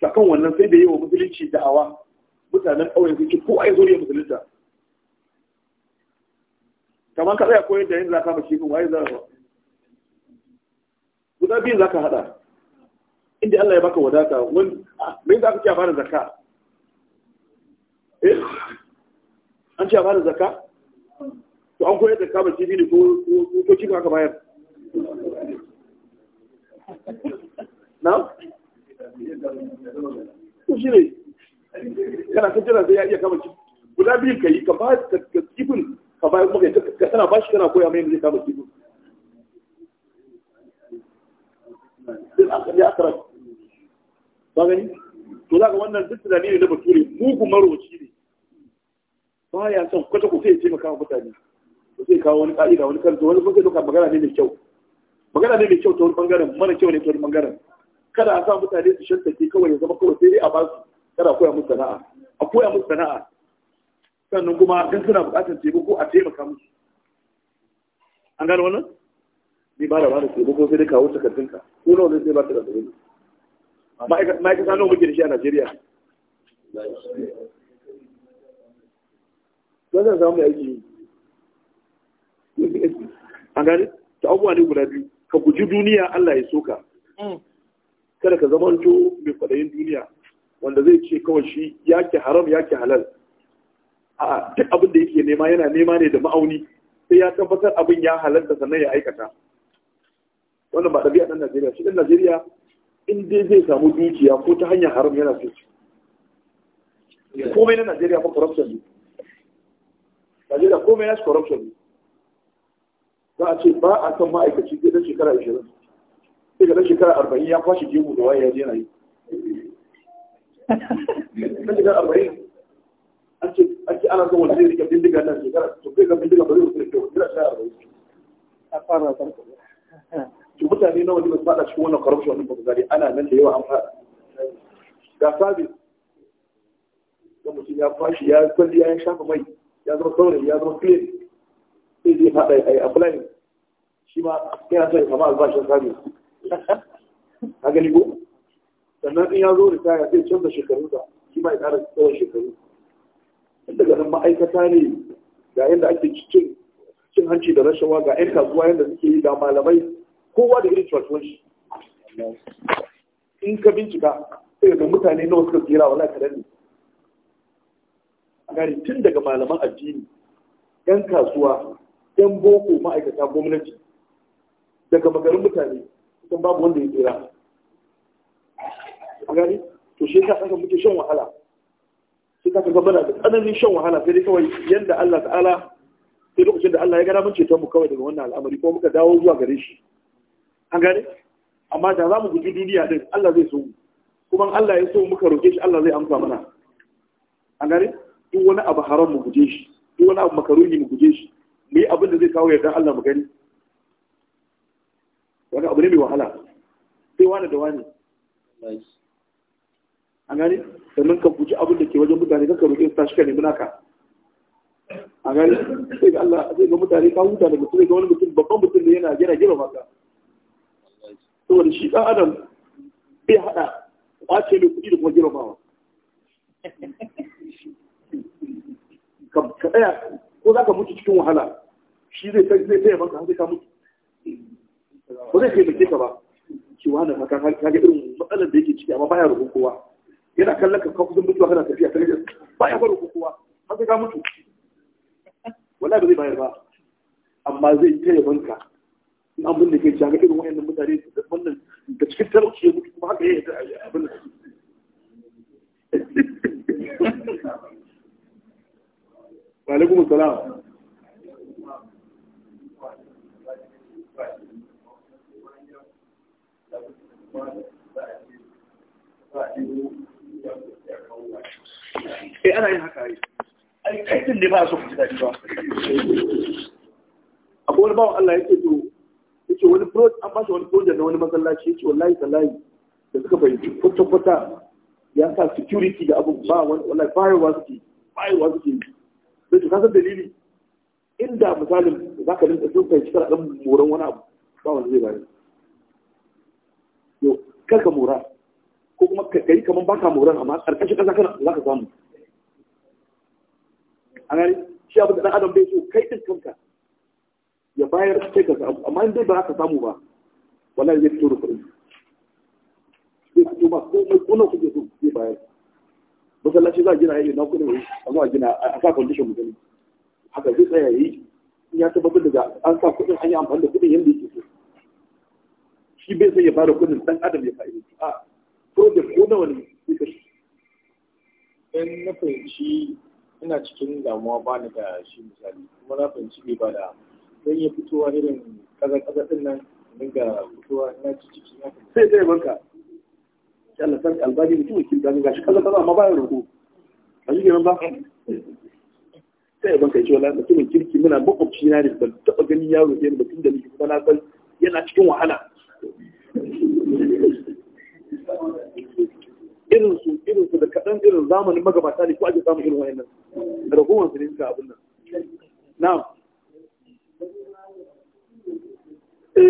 ta kan wannan sai da yi wa musulunci da'awa mutanen ƙauyen sun ce ko a yi zuriyar musulunta kamar ka tsaya koyar da yin zaka mace kan ya zaka guda biyu za ka haɗa inda Allah ya baka wadata wani mai za ka ce a fara zaka eh an ce a fara zaka to an koyar da kama cibi ne ko cikin aka bayar na? ko shi ne kana kan jira zai ya iya kama cibi guda biyu ka yi ka ba ka kifin ka bayar kuma ka tana ba shi kana koya mai zai kama kifin akali akram ba gani to zaka wannan duk tunani ne na bature mugun maroci ne ba ya son kwata kwata ya taimaka wa mutane Ba sai kawo wani ka'ida wani karto wani kuma duka magana ne mai kyau magana ne mai kyau ta wani bangaren Mana kyau ne ta wani bangaren kada a sa mutane su shantake kawai ya zama kawai sai dai a ba su kada koya musu sana'a a koya musu sana'a sannan kuma in suna buƙatar taimako a taimaka musu an gano wannan ni ba da ba da taimako sai dai kawo takardunka ko nawa zai ba ta da taimako ma'aikata nawa muke da shi a najeriya don zan samu aiki a gani ta abubuwa ne guda biyu ka guji duniya allah ya soka mm. kada ka zama to mai kwaɗayin duniya wanda zai ce kawai shi ya ke haram ya ke halal a duk abin da yake nema yana nema ne da ma'auni sai ya tabbatar abin ya halalta sannan ya aikata wannan ba ɗabi'a ɗan Najeriya shi ɗan Najeriya in dai zai samu dukiya ko ta hanyar haram yana so komai na Najeriya ba corruption ne Najeriya komai na corruption ne za a ce ba a san ma'aikaci sai ɗan shekara ashirin sai ga ɗan shekara arba'in ya kwashe gemu da waye ya je na yi ɗan shekara arba'in an ce an ana son wani zai rike bindiga nan shekara to kai ga bindiga ba zai wuce da kyau shekara arba'in a fara farko to mutane nawa ne ba su fada cikin wannan corruption din ba ku gari ana nan da yawa an fada ga sabis da mutum ya fashi ya kwalli ya shafa mai ya zama saurin ya zama clean sai zai fada ya yi applying shi ma yana so ya kama albashin sabis A gani ko sannan in ya zo kaya zai canza da shi ma ya ƙara tsawon shekaru daga nan ma'aikata ne ga yadda ake cin hanci da rashawa ga 'yan kasuwa yadda suke yi ga malamai kowa da irin cuwatuwan shi in ka bincika sai ga mutane nawa suka tsira wala kadan A gari tun daga malaman addini yan kasuwa yan boko ma'aikata gwamnati daga magarin mutane sun babu wanda ya tsira gari to shi ka saka muke shan wahala shi ka saka mana da tsananin shan wahala sai dai kawai yadda Allah ta'ala sai lokacin da Allah ya gara mun ceton mu kawai daga wannan al'amari ko muka dawo zuwa gare shi an gane amma da za mu guji duniya din Allah zai so mu kuma Allah ya so mu ka roƙe shi Allah zai amsa mana an gane duk wani abu haram mu guje shi duk wani abu makaruni mu guje shi mu yi abin da zai kawo yarda Allah mu gani wani abu ne mai wahala sai wani da wani an gane sannan ka guji abin da ke wajen mutane kan ka roƙe su tashi ka nemi naka a gani sai ga Allah zai ga mutane ka huta da mutum ga wani mutum babban mutum ne yana gina gira maka saboda shi ɗan adam bai haɗa ƙwace mai kuɗi da kuma girmamawa ka ɗaya ko za ka mutu cikin wahala shi zai ta tsaye maka har sai ka mutu Ko zai kai mace ka ba ki wani maka ka ga irin matsalar da yake ciki amma baya rubu kowa yana kallon ka ka kusan mutuwa kana tafiya kan baya ba rubun kowa har sai ka mutu wallahi ba zai bayar ba amma zai taya banka in an binne kai shaga irin wayannan mutane da wannan da cikin talauci ya mutu kuma haka ya yi abin wa alaikum salam eh ana yin haka yi aikin ne ba a so ku ji daɗi ba akwai wani bawan Allah yake to yace wani project an bashi wani project na wani masallaci yace wallahi tallahi da suka fahimci kwata ya sa security da abu ba wani wallahi firewa fire was suke sai ka san dalili inda misalin za ka rinka sun fahimci kana dan moran wani abu ba wanda zai bari Yo, kar ka mora ko kuma ka kai kaman baka moran amma karkashin kasa kana za ka samu a gani shi abu da dan adam bai so kai din kanka ya bayar sai ka samu amma in dai ba ka samu ba wallahi zai fito da kuɗin zai fito ma mai kuna kuke so zai bayar masallaci za a gina yayi na kuɗin a zuwa gina a sa condition mu gani haka zai tsaya yi in ya tabbatar daga an sa kuɗin an yi amfani da kuɗin yadda yake so shi bai sai ya bada kuɗin dan adam ya fa'idanci a project ko nawa ne zai kashe in na fahimci ina cikin damuwa ba ni da shi misali kuma na fahimci bai ba da zan iya fitowa irin kaza-kaza din nan dinga fitowa ina ciki na sai zai banka sai Allah san albani mutum yake da ga shi kaza-kaza amma ba ya roƙo a shi ba sai banka ya ce wala mutumin kirki muna makwabci na ne ban taɓa gani yaro ne ba tun da nake kuma na san yana cikin wahala irin su irin su da kaɗan irin zamanin magabata ne ko ake samun irin wayannan ragowar su ne suka abin nan na'am Eh.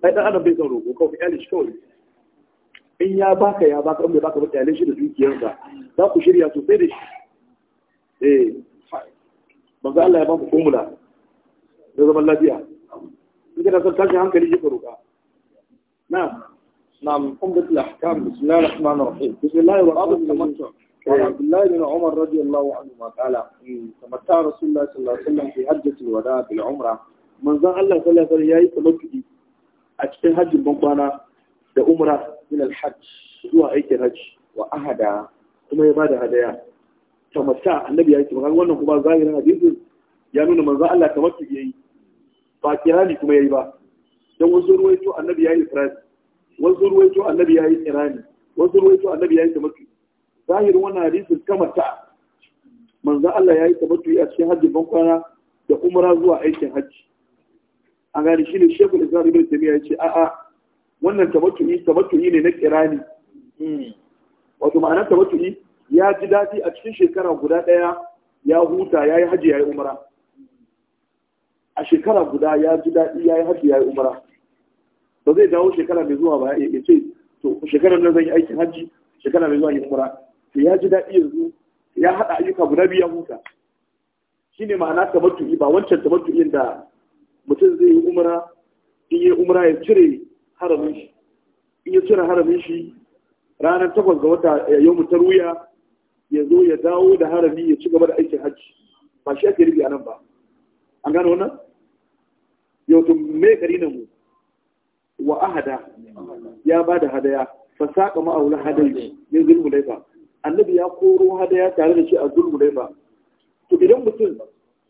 ai dan adam bai son roƙo kawai kawai in ya baka ya baka in bai baka ba iyalin da dukiyarsa za ku shirya sosai da shi eh manzo Allah ya ba mu kumula da zaman lafiya in kana son tashin hankali ji ka roƙa na'am na'am umdatul ahkam bismillahir rahmanir rahim bismillahir rahmanir rahim وعن عبد الله بن عمر رضي الله عنهما قال تمتع رسول الله صلى الله عليه وسلم في حجة الوداع بالعمرة من ذا الله صلى الله عليه وسلم يأي تمتعي أجتن حج بمقانا ده عمرة من الحج هو أيك الحج وأهدا ثم يبادى هدايا tamatta annabi ya yi tamatta wannan kuma zahirin hadisin ya nuna manzo Allah tamatta ya yi ba kirani kuma ya yi ba dan wasu ruwaito annabi ya yi kirani wasu ruwaito annabi ya yi kirani wasu ruwaito annabi ya yi tamatta zahirin wannan hadisin kamata manzo Allah ya yi tamatta a cikin hajji ban kwana da umra zuwa aikin hajji an gane shi ne shekul islam ibn tamiya ya ce a'a wannan tamattu'i tamattu'i ne na kirani hmm. wato ma'anar tamattu'i ya ji daɗi a cikin shekara guda ɗaya ya huta ya yi hajji ya yi umara a shekara guda ya ji daɗi ya yi hajji ya yi umara ba zai dawo shekara mai zuwa ba ya ce to shekara nan zan yi aikin hajji shekara mai zuwa yi umara to ya ji daɗi yanzu ya haɗa ayyuka guda biyu ya huta shi ne ma'ana tamattu'i ba wancan tamattu'in da mutum zai yi umara in yi umara ya cire haramin shi in ya cire haramin shi ranar takwas ga wata eh, yau mutar wuya ya zo ya dawo da harami ya ci gaba da aikin hajji ba shi ake rufe a nan ba an gano wannan yau tun me kari na mu wa ahada ya ba da hadaya fa saka ma aula hadayi ya zulmu dai ba annabi ya koro hadaya tare da shi a zulmu dai ba to idan mutum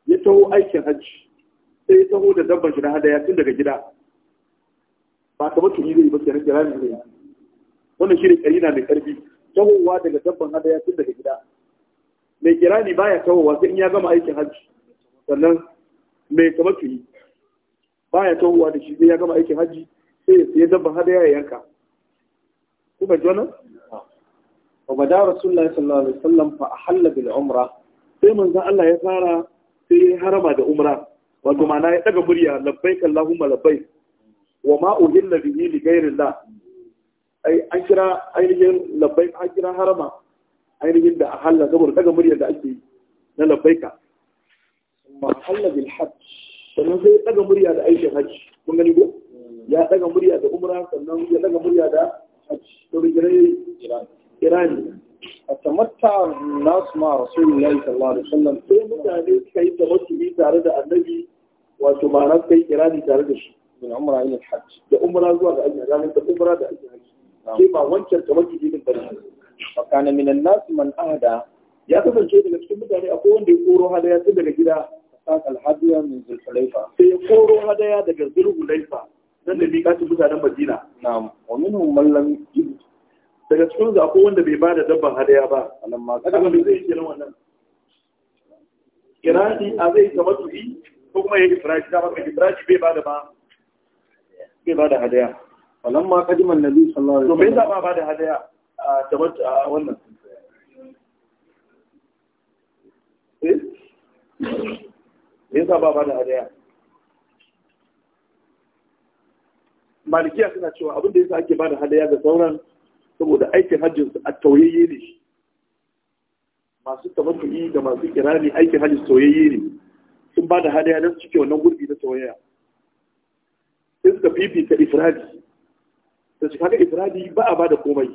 ya taho aikin hajji sai ya taho da dabban shi na hadaya tun daga gida ba kamar tuni zai ba sai rage rami zai wannan shi ne kari na mai karfi tahowa daga dabban hadaya tun daga gida mai kirani baya tahowa sai in ya gama aikin hajji sannan mai kamar tuni baya tahowa da shi sai ya gama aikin hajji sai ya sai dabban hadaya ya yanka kuma jona wa bada rasulullahi sallallahu alaihi wasallam fa ahalla bil umra sai manzon Allah ya fara sai ya harama da umra wato ma'ana ya daga murya labbaik allahumma labbaik wa ma uhilla bihi li ghairillah an kira ainihin labbaik an kira harama ainihin da ahalla saboda daga murya da ake na labbaika ma ahalla bil hajj sannan sai daga murya da aikin hajj kun gani ko ya daga murya da umra sannan ya daga murya da hajj to rigire irani atamatta nasu ma rasulullahi sallallahu alaihi wasallam sai mutane suka yi tawassuli tare da annabi wato ma'ana kai irani tare da shi min من عمره الى الحج ده عمره زوا ده اجي ده da ده اجي sai ba wancan kamar makana minan nasu man ahada ya kasance daga cikin mutane akwai wanda ya koro hadaya tun daga gida alhadiya min zulfalaifa sai ya koro hadaya daga zulfalaifa dan da bi kasu mutanen Madina na'am wa minhum man daga cikin su akwai wanda bai ba da dabban hadaya ba anan ma zai wannan kirani a zai ta matu'i ko kuma ya yi firashi ba da ma bai ba da falamma qadiman nabi sallallahu alaihi wasallam to me yasa ba da hadaya a wannan eh me ba da hadaya malikiya suna cewa abin da yasa ake ba da hadaya ga sauran saboda aikin hajjinsu a tauyayye ne Masu masu tabbatu'i da masu kirani aikin hajjin tauyayye ne sun ba da hadaya don cike wannan gurbi na tauyaya sai suka fifita ifradi Da shi kaga ifradi ba a bada komai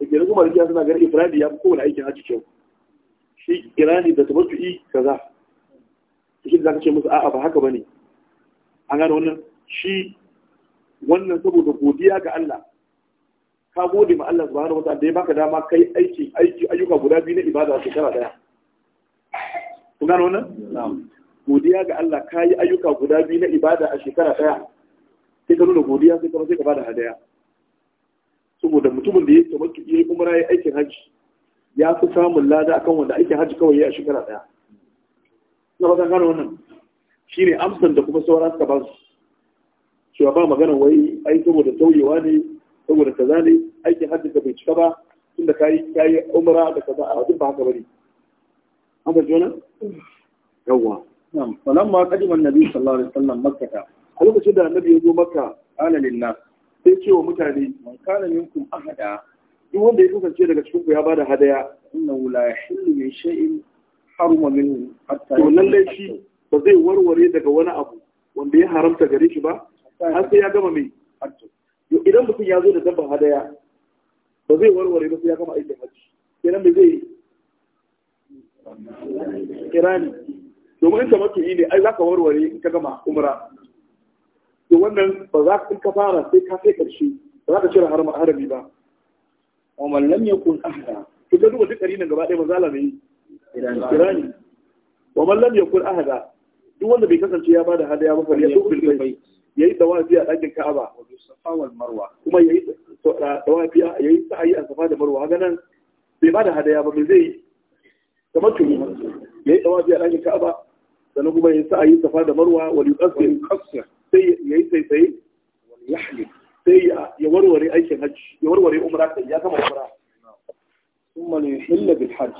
da kenan kuma rijiya suna ganin ifradi ya fi kowane aikin haji kyau shi irani da tabbatu'i kaza shi da zaka ce musu a'a ba haka bane an gane wannan shi wannan saboda godiya ga Allah ka gode ma Allah subhanahu wa ta'ala da ya baka dama kai aiki aiki ayyuka guda biyu na ibada a shekara daya kun gane wannan na'am godiya ga Allah ka yi ayyuka guda biyu na ibada a shekara daya sai ka nuna godiya sai kuma sai ka bada hadaya saboda mutumin da ya tabbatu yayi umra yayi aikin hajji ya fi samun lada akan wanda aikin hajji kawai ya shekara daya na ba gano wannan shine amsan da kuma sauran ka ba su cewa ba magana wai ai saboda tauyewa ne saboda kaza ne aikin hajji ka bai cika ba tunda kayi kayi umra da kaza a duk ba haka bane an ba jona yawwa na'am falamma qadima annabi sallallahu alaihi wasallam makkah a lokacin da annabi ya zo maka ala linnas sai ce wa mutane man kana minkum ahada duk wanda ya kasance daga cikin ku ya bada hadaya innahu la yahillu min shay'in harama minhu hatta to lallai shi ba zai warware daga wani abu wanda ya haramta gare shi ba har sai ya gama mai hajji idan mutum ya zo da dabba hadaya ba zai warware ba sai ya gama aikin hajji kenan me zai kirani domin ta matu'i ne ai za ka warware in ka gama umra to wannan ba za ka ka fara sai ka kai karshe ba za ka cire harami ba wa man lam yakun ahda to ka duba duk nan gaba ɗaya ba zala ne kirani wa man lam yakun ahda duk wanda bai kasance ya bada hadaya ba fariya ya duk bai yayi dawafi a ɗakin Ka'aba wa safa wal marwa kuma yayi dawafi yayi sa'ayi a safa da marwa ga nan bai bada hadaya ba me zai yi kamar tuni yayi dawafi a ɗakin Ka'aba sannan kuma yayi sa'ayi safa da marwa wa yuqassir sai ya yi saisaye wani yahli sai ya warware aikin hajji ya warware umra sai ya gama umra ثم ليحل بالحج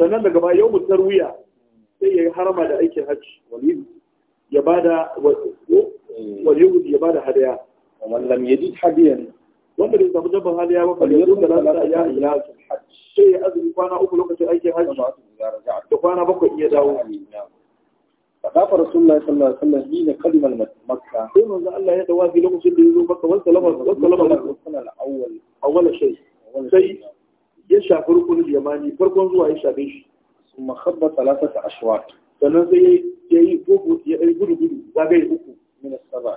sannan daga ba yau tarwiya sai ya yi harama da aikin hajji walid ya bada walid ya bada hadaya wannan lam yajid hadiyan wanda bai samu dabban hadiya ba fa yanzu da lafiya ya ila hajji sai ya azumi kwana uku lokacin aikin hajji da kwana bakwai iya dawo فقاف رسول الله صلى الله Allah ya حين قدم مكة ثم أن الله يتوى في لغة سنة يزوم مكة والسلام والسلام والسلام الأول أول شيء شيء يشعر ركن اليماني فرقون زوا يشعر بيش ثم خب ثلاثة أشواط sannan sai ya yi ya yi gudu gudu zagaye uku min saba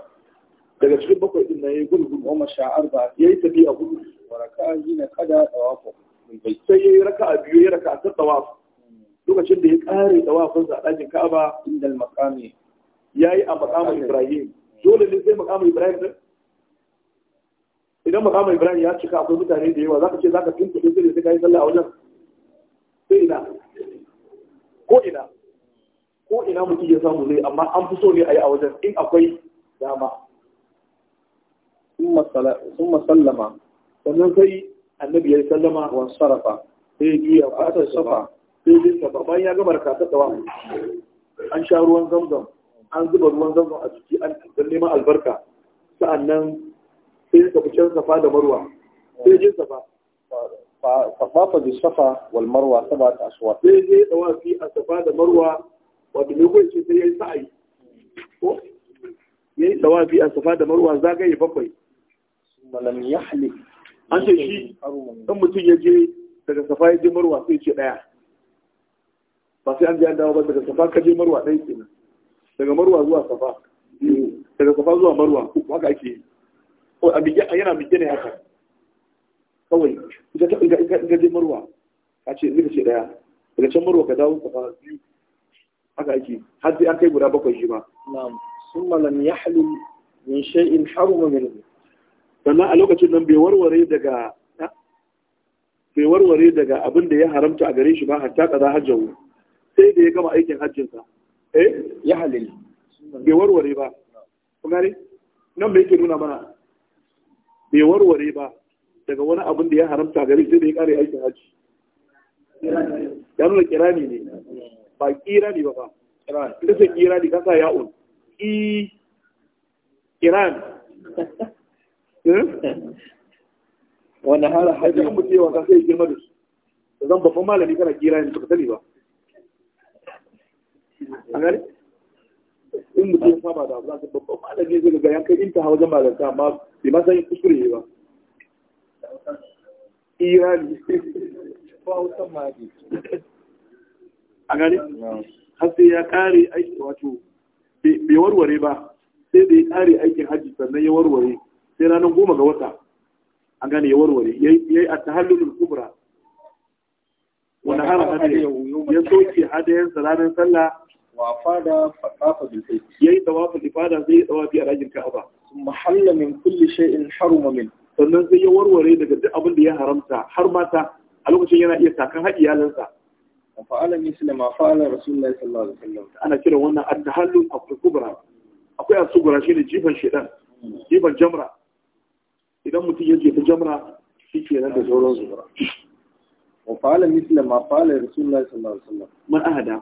daga cikin bakwai din nan ya yi gudu gudu goma sha arba ya yi tafiya gudu wa raka'a yi na kada tawafu sai ya yi raka'a biyu ya raka'a ta lokacin da ya kare wafin sa a ɗakin Ka'aba indal maqami yayi a maqamin Ibrahim dole ne sai maqamin Ibrahim din idan maqamin Ibrahim ya cika akwai mutane da yawa zaka ce zaka tuntuɓe sai sai kai sallah a wajen sai ina ko ina ko ina mutum ya samu zai amma an fi so ne a yi a wajen in akwai dama sun masallama sannan sai annabi ya yi sallama wa sarrafa sai juya fatar safa daidai sa ba bayan ya gama da tsawa an sha ruwan zamzam an zuba ruwan zamzam a ciki an dan neman albarka sa'annan sai ya tafi can safa da marwa sai je safa safafa bi safa wal marwa sabat aswat sai je tawafi a safa da marwa wato ne ko ce sai yayi sa'ayi ko yayi tawafi a safa da marwa zagaye bakwai malam ya yahli an ce shi ɗan mutum ya je daga safa ya je marwa sai ce ɗaya. ba sai an ji an dawo ba daga safa ka je marwa ɗaya kenan daga marwa zuwa safa daga safa zuwa marwa uku haka ake yi ko a bige yana bige ne haka kawai ita ta ga je marwa a ce zika ce ɗaya daga can marwa ka dawo safa biyu haka ake har sai an kai guda bakwai shi ba na'am summa lam yahlul min shay'in haruma minhu sannan a lokacin nan bai warware daga bai warware daga abin da ya haramta a gare shi ba hatta kaza hajjawu sai da ya gama aikin hajjinsa eh ya halili bai warware ba kun gane nan bai ke nuna mana bai warware ba daga wani abin da ya haramta gari sai da ya kare aikin hajji ya nuna kirani ne ba kirani ba ba ita sai kirani kasa ya'un i kirani eh? wani hala hajji ya mutu yawa kasa ya girma da su zan babban malami kana kirani ba ka sani ba in mutum ya saba da abu za su babban malami zai ga ya kai inta hawa zan malanta amma bai ma san kuskure ba irani ko hausan ma a gari har sai ya kare aiki wato bai warware ba sai da ya kare aikin hajji sannan ya warware sai ranar goma ga wata A gani ya warware ya yi a tahallulul kubra wani hara hada ya soke hadayensa ranar sallah وافادا فطاف بالبيت يي طواف zai زي طواف اراج الكعبه ثم حل من كل شيء haruma منه sannan zai ya warware daga duk abin da ya haramta har mata a lokacin yana iya takan haɗi iyalansa wa fa'ala misla ma fa'ala rasulullahi sallallahu alaihi wasallam ana kira wannan at-tahallul kubra akwai asugura shine jifan shedan jifan jamra idan mutum ya jefa jamra shi nan da sauran zubura wa fa'ala misla ma fa'ala rasulullahi sallallahu alaihi wasallam man ahada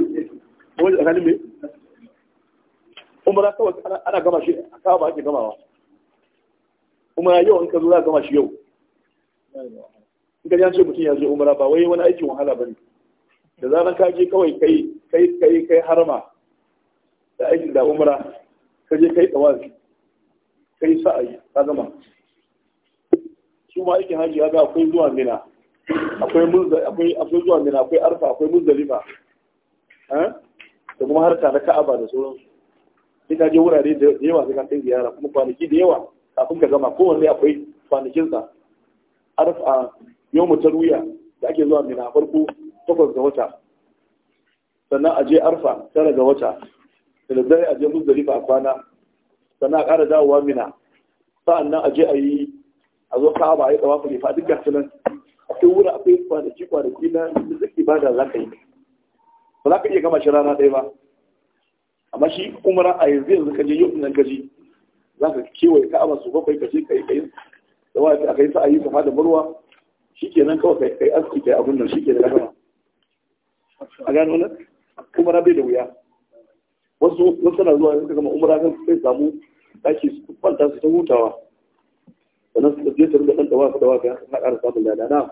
wani tsakanin me umara kawai ana gama shi a kawai ba ake gamawa umara yau in ka zo za a gama shi yau in ka ce mutum ya zo umara ba wai wani aikin wahala ba ne da zaran ka je kawai kai kai kai kai harma da aikin da umara ka je kai tsawazi kai sa'ayi ka gama su ma aikin hajji ga akwai zuwa mina akwai zuwa mina akwai arfa akwai muzdalifa eh? da kuma harka na ka'aba da sauransu sai ka je wurare da yawa sai ka kai ziyara kuma kwanaki da yawa kafin ka gama kowanne akwai kwanakinsa arf a yau mu wuya da ake zuwa mina farko takwas ga wata sannan a je arfa tara ga wata da daddare a je muzdalifa a kwana sannan a ƙara dawowa mina sa'annan a je a yi a zo ka'aba a yi tsawafa ne fa duk gasunan akwai wuri akwai kwanaki kwanaki na da zaki ba da za ka yi ba za ka iya gama shi rana ɗaya ba amma shi umara a yanzu yanzu ka je yau nan ka za ka kewaye ka'aba su bakwai ka je ka yi kayin da wa a kai sa'ayi ka da murwa? Shi ke nan kawai ka yi aski kai abin nan shi ke shikenan gama a gano nan umara bai da wuya wasu wasu na zuwa suka kama umara kan sai samu daki su kwanta su ta hutawa sannan su je su rinka dan dawa su dawa ka na ƙara samun lada na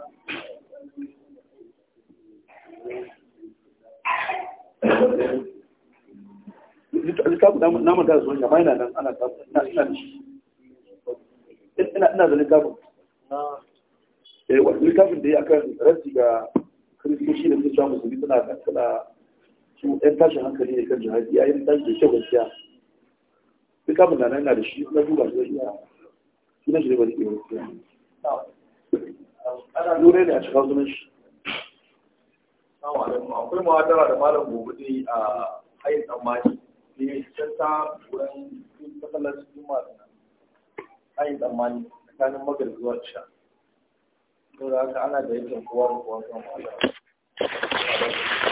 na manta da sonya mai na nan ana ina ina da shi ina eh, wani littafin da ya akan rasi ga kiristoci da kirista na suna su hankali ne kan jihadi ya yi tashi da kyau gaskiya na nan na da shi na duba yi da shi, shi ne ba ke lura ne a cikin sunan shi Akwai muhadara da malam gobe dai a hayin tsammani. Ne eh, can ta wurin masallacin juma'a na hayin tsammani tsakanin magal zuwa isha. Saboda haka ana da yankin kowa da kowa kan